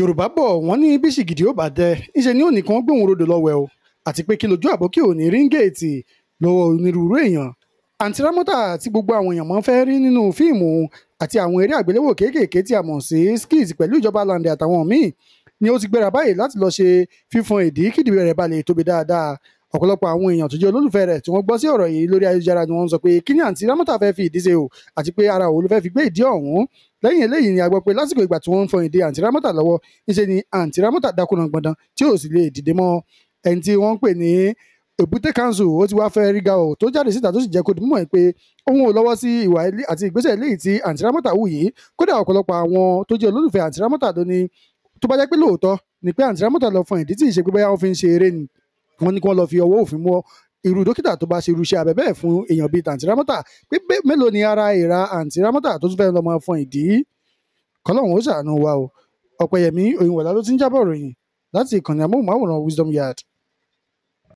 yorùbá bọ̀ wọ́n ní bí ṣìgìdì ó bá dẹ ńṣe ni òní kan gbóhùn rodò lọ́wẹ́ o àti pé kí lójú àbókí òní ríngèètì lọ́wọ́ onírúurú èèyàn àǹtí ramota tí gbogbo àwọn èèyàn máa ń fẹ́ rí nínú fíìmù àti àwọn eré àgbéléwò kéékèèké tí a mọ̀ sí skit pẹ̀lú ìjọba lande àtàwọn míì ni ó ti gbéra báyìí láti lọ ṣe fífọn ìdí kídìí rẹ̀ balẹ̀ tóbi dáadáa ọ̀pọ̀lọpọ̀ àwọn èèyàn tó jẹ́ olólùfẹ́ rẹ̀ tí wọ́n gbọ́ sí ọ̀rọ̀ yìí lórí ayélujára ni wọ́n sọ pé kíni àǹtí Rámọ́tà fẹ́ fi ìdí ṣe o àti pé ara òun ló fẹ́ fi gbé ìdí ọ̀hún lẹ́yìn eléyìí ni a gbọ́ pé lásìkò ìgbà tí wọ́n ń fọ ìdí àǹtí Rámọ́tà lọ́wọ́ níṣẹ́ ni àǹtí Rámọ́tà dákúnà gbọ̀ndàn tí ò sì lè dìde mọ́ ẹni tí wọ́n ń pè ní èbúté council ó ti wá fẹ́ rí ga ọ̀ tó jáde síta tó sì jẹ́ kó di mímọ̀ pé òun ò lọ́wọ́ sí ìwà àti ìgbésẹ̀ eléyìí tí àǹtí Rámọ́tà yìí kódà ọ̀pọ̀lọpọ̀ àwọn tó jẹ́ olólùfẹ́ àǹtí Rámọ́tà ní tó bá jẹ́ pé lóòótọ́ ni pé àǹtí lọ fọ ìdí tí ìṣe pé bóyá fi ń ṣe eré ni wọ́n ní kí wọ́n lọ fi ọwọ́ òfin mú ọ irú dókítà tó bá ṣe irú iṣẹ́ abẹ bẹ́ẹ̀ fún èèyàn bíi tàǹtìrámọ́tà pé mélòó ni ara ìra àǹtìrámọ́tà tó tún fẹ́ lọ́mọ fún ìdí kọ́lọ́hún ó ṣàánú wa o ọ̀pẹ̀yẹmí òyìnbó ló ti ń jábọ̀ ròyìn láti ìkànnì amóhùnmáwòrán Wisdom Yard.